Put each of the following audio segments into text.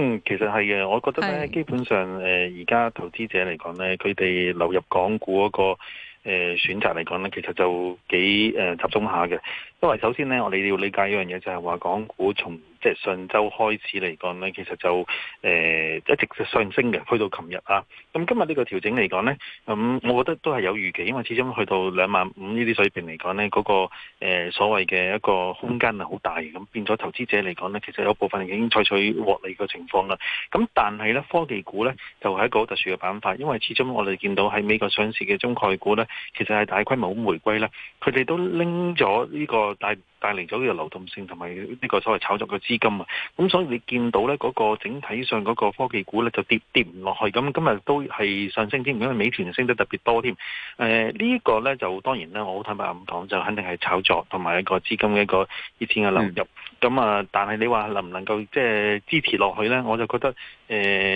嗯，其實係嘅，我覺得咧，基本上誒而家投資者嚟講咧，佢哋流入港股嗰個誒、呃、選擇嚟講咧，其實就幾誒、呃、集中下嘅。因為首先呢，我哋要理解一樣嘢，就係話港股從即係上週開始嚟講呢，其實就誒、呃、一直上升嘅，去到琴日啊。咁今日呢個調整嚟講呢，咁、嗯、我覺得都係有預期，因為始終去到兩萬五呢啲水平嚟講呢，嗰、那個、呃、所謂嘅一個空間係好大。咁變咗投資者嚟講呢，其實有部分已經採取獲利嘅情況啦。咁但係呢，科技股呢，就係、是、一個特殊嘅板塊，因為始終我哋見到喺美國上市嘅中概股呢，其實係大規模咁迴歸啦，佢哋都拎咗呢個。帶帶嚟咗呢個流動性同埋呢個所謂炒作嘅資金啊，咁所以你見到呢嗰、那個整體上嗰個科技股呢，就跌跌唔落去，咁今日都係上升添，因為美團升得特別多添。誒、呃、呢、這個呢，就當然呢，我好坦白咁講就肯定係炒作同埋一個資金嘅一個熱錢嘅流入。咁、嗯、啊，但係你話能唔能夠即係、就是、支持落去呢？我就覺得誒、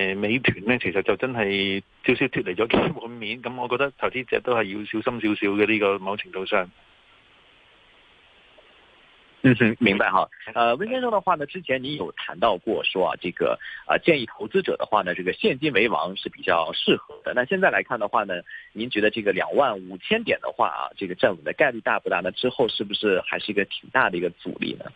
呃、美團呢，其實就真係少少脫離咗基本面。咁我覺得投資者都係要小心少少嘅呢、這個某程度上。嗯哼， 明白哈。呃，溫先生的話呢，之前你有談到過，說啊，這個啊建議投資者的話呢，這個現金為王是比較適合的。那現在來看的話呢，您覺得這個兩萬五千點的話啊，這個站穩的概率大不大呢？那之後是不是還是一個挺大的一個阻力呢？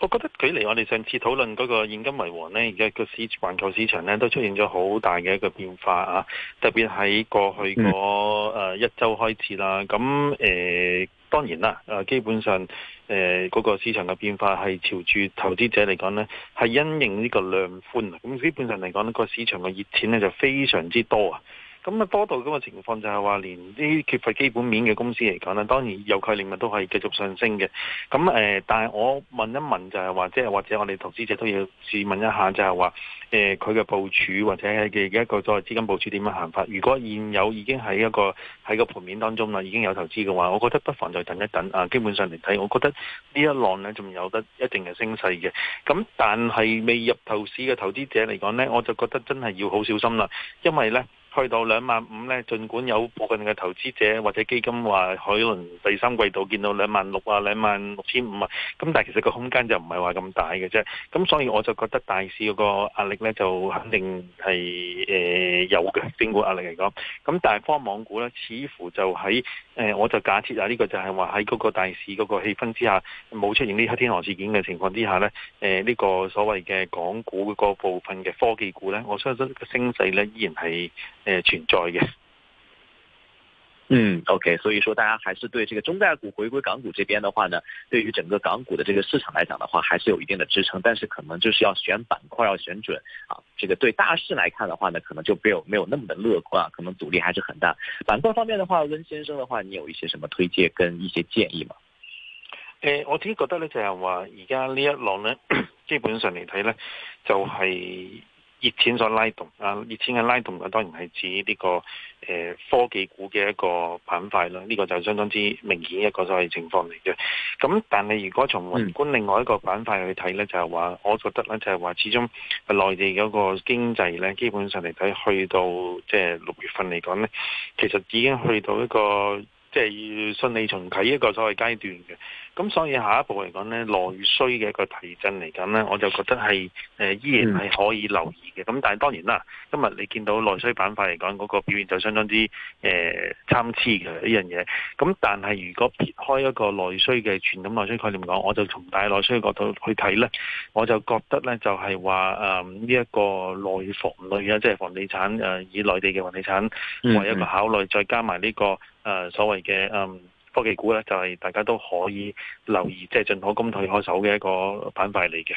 我覺得距離我哋上次討論嗰個現金為王呢，而家個市環球市場呢，都出現咗好大嘅一個變化啊，特別喺過去個呃、嗯、呃一周開始啦，咁誒。呃當然啦，誒基本上，誒、呃、嗰、嗰個市場嘅變化係朝住投資者嚟講呢，係因應呢個量寬啊，咁基本上嚟講呢、呢個市場嘅熱錢呢就非常之多啊。咁啊，多度咁嘅情況就係話，連啲缺乏基本面嘅公司嚟講啦，當然有概念物都可以繼續上升嘅。咁誒，但係我問一問就係話即係或者我哋投資者都要試問一下、就是，就係話誒，佢嘅部署或者嘅一個所謂資金部署點樣行法？如果現有已經喺一個喺個盤面當中啦，已經有投資嘅話，我覺得不妨再等一等啊。基本上嚟睇，我覺得呢一浪咧仲有得一定嘅升勢嘅。咁但係未入投資嘅投資者嚟講咧，我就覺得真係要好小心啦，因為咧。去到兩萬五咧，儘管有部分嘅投資者或者基金話，可能第三季度見到兩萬六啊，兩萬六千五啊，咁但係其實個空間就唔係話咁大嘅啫。咁所以我就覺得大市嗰個壓力咧，就肯定係、呃、有嘅。整股壓力嚟講，咁但係科網股咧，似乎就喺、呃、我就假設啊，呢個就係話喺嗰個大市嗰個氣氛之下，冇出現呢黑天鵝事件嘅情況之下咧，呢、呃呢個所謂嘅港股嗰部分嘅科技股咧，我相信個升勢咧依然係。誒，請 join y 嗯，OK，所以說大家還是對這個中概股回歸港股這邊的話呢，對於整個港股的這個市場來講的話，還是有一定的支撐，但是可能就是要選板塊，要選準啊。這個對大勢來看的話呢，可能就沒有沒有那麼的樂觀，可能阻力還是很大。板塊方面的話，温先生的話，你有一些什麼推介跟一些建議嗎？誒、呃，我聽覺得咧就係話，而家呢一浪呢，基本上嚟睇呢就係、是。熱錢所拉動啊！熱錢嘅拉動，當然係指呢個誒科技股嘅一個板塊啦。呢個就相當之明顯一個所謂情況嚟嘅。咁但係如果從宏觀另外一個板塊去睇呢，嗯、就係話，我覺得呢，就係話，始終內地嗰個經濟咧，基本上嚟睇，去到即係六月份嚟講呢，其實已經去到一個。即係要順利重啟一個所謂的階段嘅，咁所以下一步嚟講咧，內需嘅一個提振嚟緊咧，我就覺得係誒、呃、依然係可以留意嘅。咁但係當然啦，今日你見到內需板塊嚟講嗰、那個表現就相當之誒、呃、參差嘅呢樣嘢。咁但係如果撇開一個內需嘅傳統內需概念講，我就從大內需角度去睇咧，我就覺得咧就係話誒呢一個內房類啊，即、就、係、是、房地產誒、呃、以內地嘅房地產為一個考慮，嗯嗯再加埋呢、這個。誒、啊、所謂嘅、嗯、科技股呢就係、是、大家都可以留意，即係進可攻退可守嘅一個板塊嚟嘅。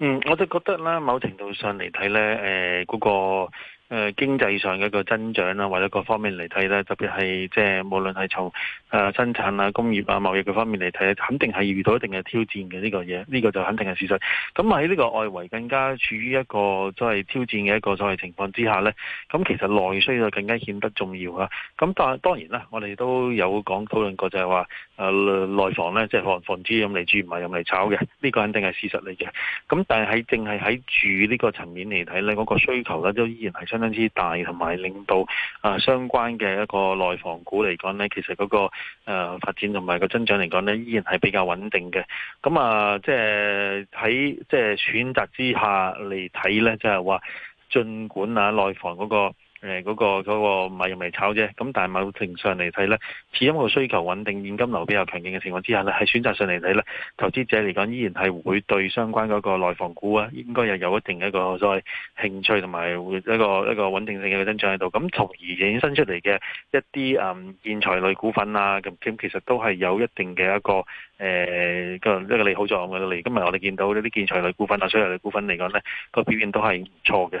嗯，我就覺得啦，某程度上嚟睇咧，誒、呃，嗰、那個。誒、呃、經濟上嘅一個增長啦，或者各方面嚟睇咧，特別係即係無論係從誒、呃、生產啊、工業啊、貿易嘅方面嚟睇，肯定係遇到一定嘅挑戰嘅呢、這個嘢，呢、這個就肯定係事實。咁喺呢個外圍更加處於一個所謂挑戰嘅一個所謂情況之下呢，咁、嗯、其實內需就更加顯得重要啊。咁、嗯、但係當然啦，我哋都有講討論過就是說，就係話誒內房呢，即係房房主用嚟住唔係用嚟炒嘅，呢、這個肯定係事實嚟嘅。咁、嗯、但係喺淨係喺住呢個層面嚟睇呢，嗰、那個需求呢都依然係相相之大，同埋令到啊相關嘅一個內房股嚟講呢，其實嗰、那個發、呃、發展同埋個增長嚟講呢，依然係比較穩定嘅。咁啊，即係喺即係選擇之下嚟睇呢，就係、是、話，儘管啊內房嗰、那個。誒嗰、呃那個嗰、那個咪又炒啫，咁但係某程度上嚟睇咧，始終個需求穩定、現金流比較強勁嘅情況之下咧，喺選擇上嚟睇咧，投資者嚟講依然係會對相關嗰個內房股啊，應該又有一定嘅一個所謂興趣同埋一個一個穩定性嘅增長喺度。咁從而衍生出嚟嘅一啲誒、嗯、建材類股份啊，咁其實都係有一定嘅一個誒、呃、一個一個利好作用嘅。例如今日我哋見到呢啲建材類股份啊、水泥類股份嚟講咧，個表現都係唔錯嘅。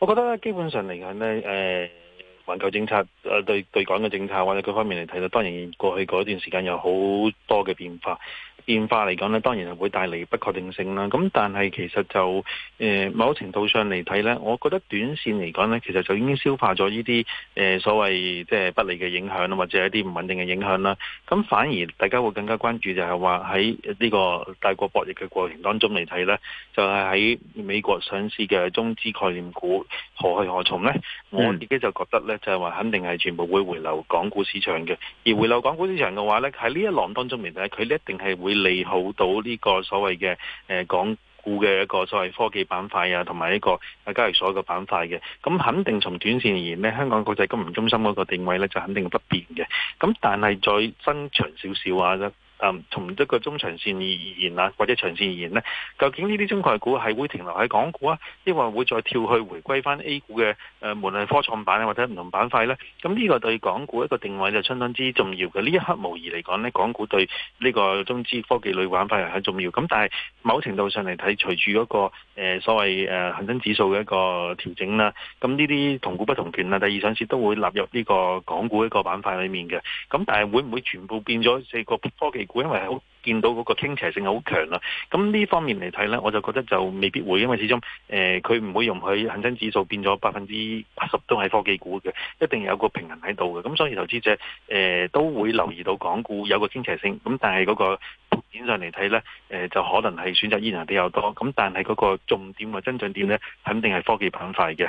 我覺得基本上嚟講咧，誒、呃，環球政策，誒對，對港嘅政策或者各方面嚟睇到，當然過去嗰段時間有好多嘅變化。變化嚟講呢，當然係會帶嚟不確定性啦。咁但係其實就誒、呃、某程度上嚟睇呢，我覺得短線嚟講呢，其實就已經消化咗呢啲誒所謂即係不利嘅影響或者一啲唔穩定嘅影響啦。咁反而大家會更加關注就係話喺呢個大國博弈嘅過程當中嚟睇呢，就係、是、喺美國上市嘅中資概念股何去何從呢？我自己就覺得呢，就係話肯定係全部會回流港股市場嘅。而回流港股市場嘅話呢，喺呢一浪當中嚟睇，佢一定係會。利好到呢個所謂嘅誒、呃、港股嘅一個所謂科技板塊啊，同埋一個啊交易所嘅板塊嘅，咁肯定從短線而言呢，香港國際金融中心嗰個定位呢，就肯定不變嘅。咁但係再增長少少話，誒、嗯，從一個中長線而言啊，或者長線而言呢，究竟呢啲中概股係會停留喺港股啊，抑或會再跳去回歸翻 A 股嘅誒、呃，無論係科創板啊或者唔同板塊呢？咁呢個對港股一個定位就相當之重要嘅。呢一刻無疑嚟講呢，港股對呢個中資科技類板塊係很重要。咁但係某程度上嚟睇，隨住嗰個、呃、所謂誒、呃、恆生指數嘅一個調整啦，咁呢啲同股不同權啊，第二上市都會納入呢個港股一個板塊裏面嘅。咁但係會唔會全部變咗四個科技？股因為好見到嗰個傾斜性好強啦，咁呢方面嚟睇呢，我就覺得就未必會，因為始終誒佢唔會容許恒生指數變咗百分之八十都係科技股嘅，一定有個平衡喺度嘅，咁所以投資者誒、呃、都會留意到港股有個傾斜性，咁但係嗰個盤面上嚟睇呢，誒、呃、就可能係選擇依然係比較多，咁但係嗰個重點或增長點呢，肯定係科技板塊嘅。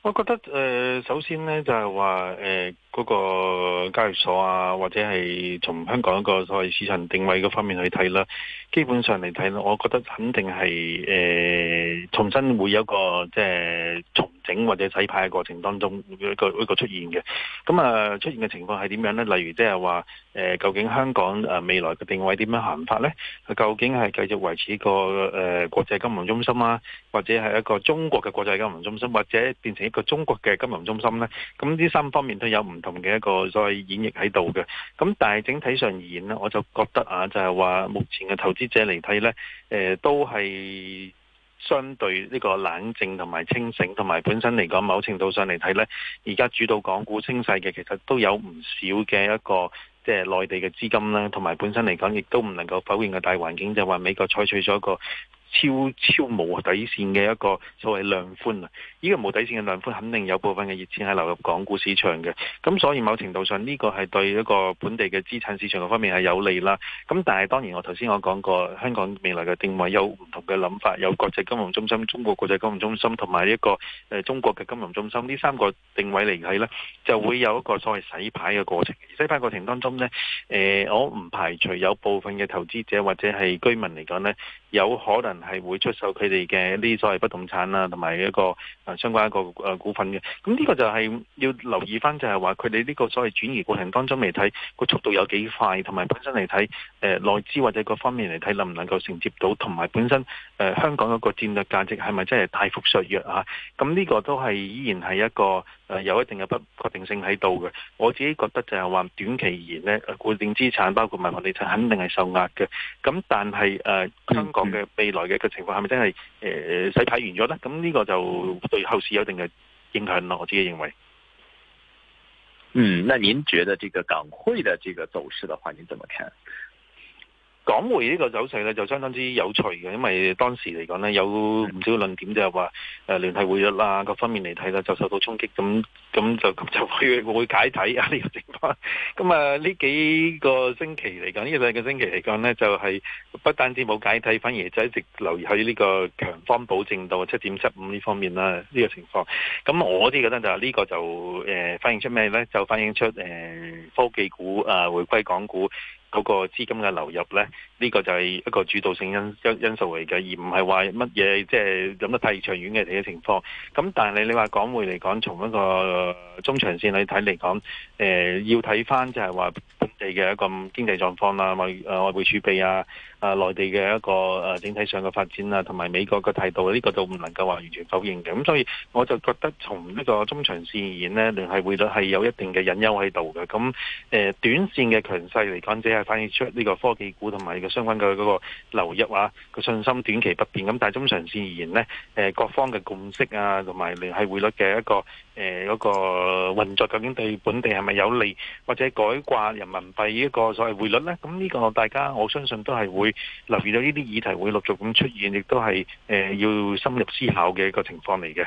我覺得誒、呃，首先呢，就係話誒，嗰、呃個交易所啊，或者係從香港一個所謂市場定位嗰方面去睇啦。基本上嚟睇咧，我覺得肯定係誒、呃，重新會有一個即係。就是整或者洗牌嘅過程當中，一個一個出現嘅，咁啊出現嘅情況係點樣呢？例如即係話，誒究竟香港誒未來嘅定位點樣行法呢？佢究竟係繼續維持個誒國際金融中心啊，或者係一個中國嘅國際金融中心，或者變成一個中國嘅金融中心呢？咁呢三方面都有唔同嘅一個所謂演繹喺度嘅。咁但係整體上而言呢，我就覺得啊，就係話目前嘅投資者嚟睇呢，誒都係。相對呢個冷靜同埋清醒，同埋本身嚟講，某程度上嚟睇呢，而家主導港股升勢嘅，其實都有唔少嘅一個即係內地嘅資金啦，同埋本身嚟講，亦都唔能夠否認嘅大環境就係話美國採取咗一個超超無底線嘅一個所謂量寬啊！呢個無底線嘅量寬肯定有部分嘅熱錢係流入港股市場嘅。咁所以某程度上，呢個係對一個本地嘅資產市場嗰方面係有利啦。咁但係當然，我頭先我講過香港未來嘅定位有唔同嘅諗法，有國際金融中心、中國國際金融中心同埋一個誒中國嘅金融中心呢三個定位嚟睇咧，就會有一個所謂洗牌嘅過程。洗牌過程當中咧，誒、呃、我唔排除有部分嘅投資者或者係居民嚟講咧，有可能。係會出售佢哋嘅呢啲所謂不動產啊，同埋一個誒、啊、相關一個誒股份嘅。咁呢個就係要留意翻，就係話佢哋呢個所謂轉移過程當中嚟睇個速度有幾快，同埋本身嚟睇誒內資或者各方面嚟睇能唔能夠承接到，同埋本身誒、呃、香港嗰個戰略價值係咪真係大幅削弱啊？咁呢個都係依然係一個。誒、呃、有一定嘅不確定性喺度嘅，我自己覺得就係話短期而言咧，固定資產包括埋房地產肯定係受壓嘅。咁但係誒、呃、香港嘅未來嘅個情況係咪真係誒、呃、洗牌完咗咧？咁呢個就對後市有一定嘅影響咯。我自己認為。嗯，那您覺得這個港匯的這個走勢的話，您怎麼看？港匯呢個走勢咧就相當之有趣嘅，因為當時嚟講咧有唔少論點就係話誒聯繫匯率啦，各方面嚟睇呢，就受到衝擊，咁咁就咁就會、會解體啊呢個情況。咁啊呢幾個星期嚟講，呢兩個星期嚟講咧就係、是、不單止冇解體，反而就一直留意喺呢個強方保證度七點七五呢方面啦呢、這個情況。咁、嗯、我啲覺得就呢個就、呃、反映出咩咧？就反映出誒、呃、科技股啊回歸港股。嗰個資金嘅流入咧，呢、呢個就係一個主導性因因，因素嚟嘅，而唔係話乜嘢即係諗得太長遠嘅情況。咁但係你你話港匯嚟講，從一個中長線嚟睇嚟講，呃、要睇翻就係話本地嘅一個經濟狀況啦，或、啊、外匯儲備啊。啊，內地嘅一個誒整體上嘅發展啊，同埋美國嘅態度，呢個就唔能夠話完全否認嘅。咁所以我就覺得從呢個中長線而言咧，聯繫匯率係有一定嘅隱憂喺度嘅。咁誒短線嘅強勢嚟講，只係反映出呢個科技股同埋嘅相關嘅嗰個流入啊，個信心短期不變。咁但係中長線而言咧，誒各方嘅共識啊，同埋聯繫匯率嘅一個誒嗰個運作，究竟對本地係咪有利，或者改掛人民幣呢個所謂匯率咧？咁呢個大家我相信都係會留意到呢啲議題會陸續咁出現，亦都係誒要深入思考嘅一個情況嚟嘅。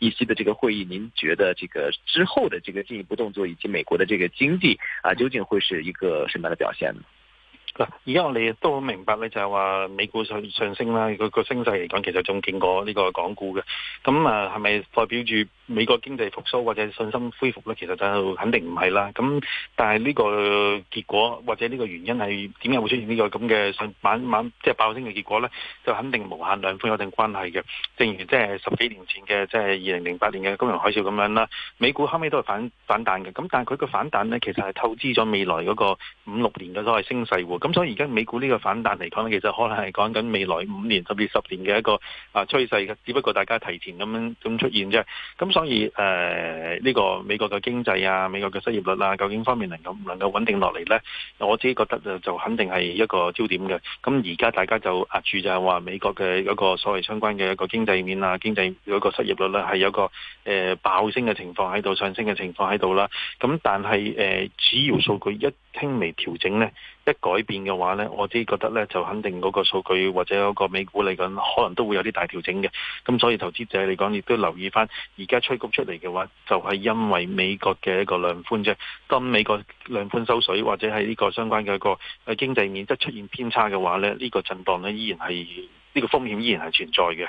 一期的這個會議，您覺得這個之後的這個進一步動作，以及美國的這個經濟啊，究竟會是一個什麼樣的表現呢？嗱，而家我哋都好明白咧，就係話美股上上升啦，佢個升勢嚟講，其實仲勁過呢個港股嘅。咁啊，係咪代表住美國經濟復甦或者信心恢復咧？其實就肯定唔係啦。咁但係呢個結果或者呢個原因係點解會出現呢個咁嘅猛猛即係爆升嘅結果咧？就肯定無限量寬有一定關係嘅。正如即係十幾年前嘅即係二零零八年嘅金融海嘯咁樣啦，美股後尾都係反反彈嘅。咁但係佢個反彈咧，其實係透支咗未來嗰個五六年嘅所謂升勢喎。咁所以而家美股呢個反彈嚟講咧，其實可能係講緊未來五年甚至十年嘅一個啊趨勢嘅，只不過大家提前咁樣咁出現啫。咁所以誒呢、呃這個美國嘅經濟啊，美國嘅失業率啊，究竟方面能唔能夠穩定落嚟咧？我自己覺得就肯定係一個焦點嘅。咁而家大家就壓住就係話美國嘅一個所謂相關嘅一個經濟面啊，經濟有一個失業率咧、啊，係有個誒、呃、爆升嘅情況喺度，上升嘅情況喺度啦。咁但係誒、呃、主要數據一輕微調整咧，一改變。嘅話咧，我自己覺得呢，就肯定嗰個數據或者嗰個美股嚟講，可能都會有啲大調整嘅。咁所以投資者嚟講，亦都留意翻而家吹谷出嚟嘅話，就係、是、因為美國嘅一個量寬啫。當美國量寬收水或者係呢個相關嘅一個經濟面質出現偏差嘅話咧，呢、這個震盪咧依然係呢、這個風險依然係存在嘅。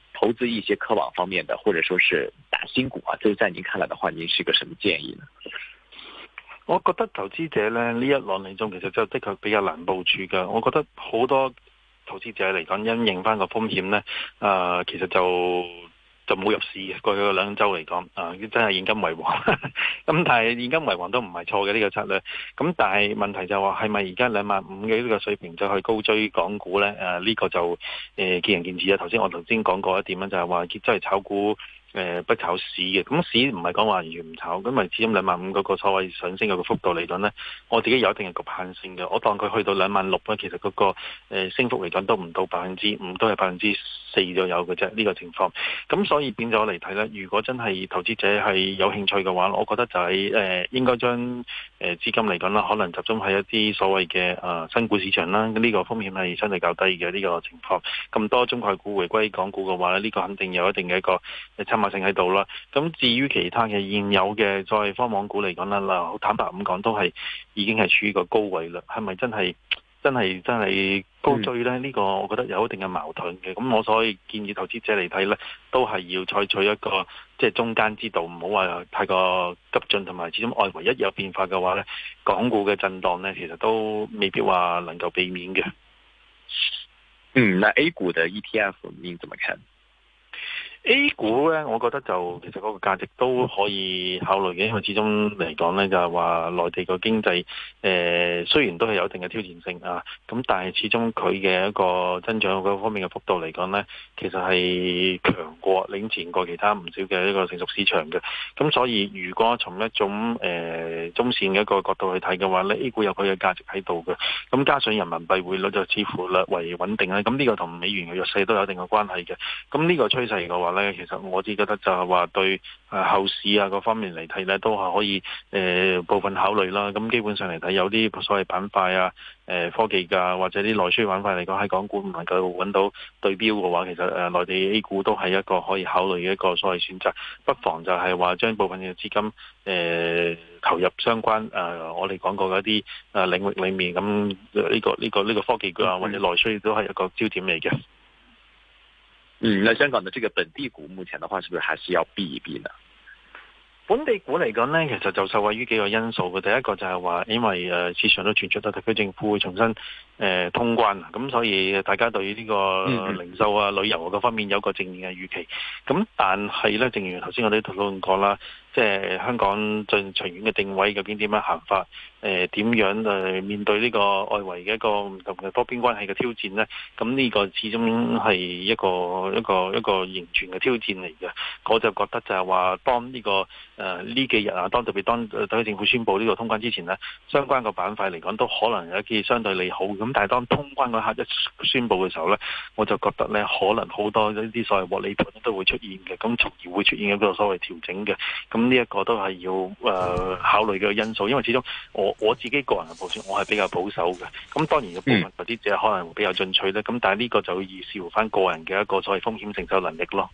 投資一些科網方面的，或者說是打新股啊，這在您看來的話，您是一個什麼建議呢？我覺得投資者呢，呢一輪當中，其實就的確比較難部署噶。我覺得好多投資者嚟講，因應翻個風險呢，呃，其實就。就冇入市嘅，過去兩週嚟講，啊真係現金為王。咁但係現金為王都唔係錯嘅呢、這個策略。咁但係問題就係話，係咪而家兩萬五嘅呢個水平就去高追港股呢？啊呢、這個就誒、呃、見仁見智啊。頭先我頭先講過一點咧，就係話即係炒股誒、呃、不炒市嘅。咁、嗯、市唔係講話完全唔炒，咁咪始終兩萬五嗰個所謂上升嘅個幅度嚟講呢，我自己有一定嘅局限性嘅。我當佢去到兩萬六咧，其實嗰、那個、呃、升幅嚟講都唔到百分之五，都係百分之。四左右嘅啫，呢、這個情況，咁所以變咗嚟睇呢，如果真係投資者係有興趣嘅話，我覺得就係、是、誒、呃、應該將誒資金嚟講啦，可能集中喺一啲所謂嘅誒、呃、新股市場啦，呢、這個風險係相對較低嘅呢、這個情況。咁多中概股回歸港股嘅話咧，呢、這個肯定有一定嘅一個誒參茂性喺度啦。咁至於其他嘅現有嘅再方網股嚟講啦，嗱，好坦白咁講都係已經係處於個高位啦，係咪真係？真係真係高追咧，呢、嗯、個我覺得有一定嘅矛盾嘅。咁我所以建議投資者嚟睇咧，都係要採取一個即係、就是、中間之道，唔好話太過急進，同埋始終外圍一有變化嘅話咧，港股嘅震盪咧，其實都未必話能夠避免嘅。嗯，那 A 股嘅 ETF，你怎麼看？A 股咧，我覺得就其實嗰個價值都可以考慮嘅，因為始終嚟講咧就係話內地嘅經濟誒、呃，雖然都係有一定嘅挑戰性啊，咁但係始終佢嘅一個增長嗰方面嘅幅度嚟講咧，其實係強過領前過其他唔少嘅一個成熟市場嘅。咁所以如果從一種誒、呃、中線嘅一個角度去睇嘅話咧，A 股有佢嘅價值喺度嘅。咁加上人民幣匯率就似乎略為穩定咧，咁呢個同美元嘅弱勢都有一定嘅關係嘅。咁呢個趨勢嘅話，咧，其實我只覺得就係話對誒後市啊各方面嚟睇咧，都係可以誒、呃、部分考慮啦。咁基本上嚟睇，有啲所謂板塊啊、誒、呃、科技噶、啊、或者啲內需板塊嚟講，喺港股唔能夠揾到對標嘅話，其實誒、呃、內地 A 股都係一個可以考慮嘅一個所謂選擇。不妨就係話將部分嘅資金誒、呃、投入相關誒、呃、我哋講過嗰啲誒領域裡面，咁呢個呢個呢個科技啊或者內需都係一個焦點嚟嘅。嗯，那香港的這個本地股目前的話，是不是還是要避一避呢？本地股嚟講咧，其實就受惠於幾個因素嘅。第一個就係話，因為誒、啊、市場都傳出咗特區政府會重新誒、呃、通關，咁所以大家對於呢個零售啊、旅遊啊嗰方面有個正面嘅預期。咁但係咧，正如頭先我哋討論過啦。即係香港在長遠嘅定位究竟點樣行法？誒、呃、點樣誒面對呢個外圍嘅一個唔同嘅多邊關係嘅挑戰呢？咁呢個始終係一個一個一個嚴峻嘅挑戰嚟嘅。我就覺得就係話、這個，當呢個誒呢幾日啊，當特別當政府宣布呢個通關之前呢，相關嘅板塊嚟講都可能有一啲相對利好。咁但係當通關嗰一刻一宣布嘅時候呢，我就覺得呢可能好多呢啲所謂獲利盤都會出現嘅，咁從而會出現一個所謂的調整嘅咁。呢一、嗯這個都係要誒考慮嘅因素，因為始終我我自己個人嘅部署，我係比較保守嘅。咁當然有部分嗰啲就可能會比較進取啦，咁、嗯、但係呢個就要視乎翻個人嘅一個所謂風險承受能力咯。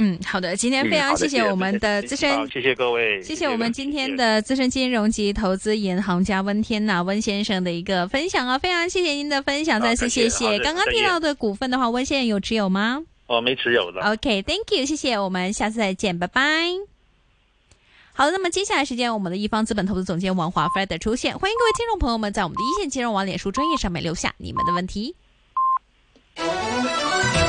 嗯，好的，今天非常謝謝我們的資深，嗯、謝謝各位，謝謝我們今天的資深金融及投資銀行家温天納温先生的一個分享啊，非常謝謝您的分享，再次、啊、謝謝。剛剛提到嘅股份嘅話，謝謝温先生有持有嗎？哦、啊，沒持有啦。OK，Thank、okay, you，謝謝，我們下次再見，拜拜。好的，那麼接下來時間，我們的一方資本投資總監王華弗雷德出現，歡迎各位聽眾朋友們在我們的一線金融網臉書專頁上面留下你們的問題。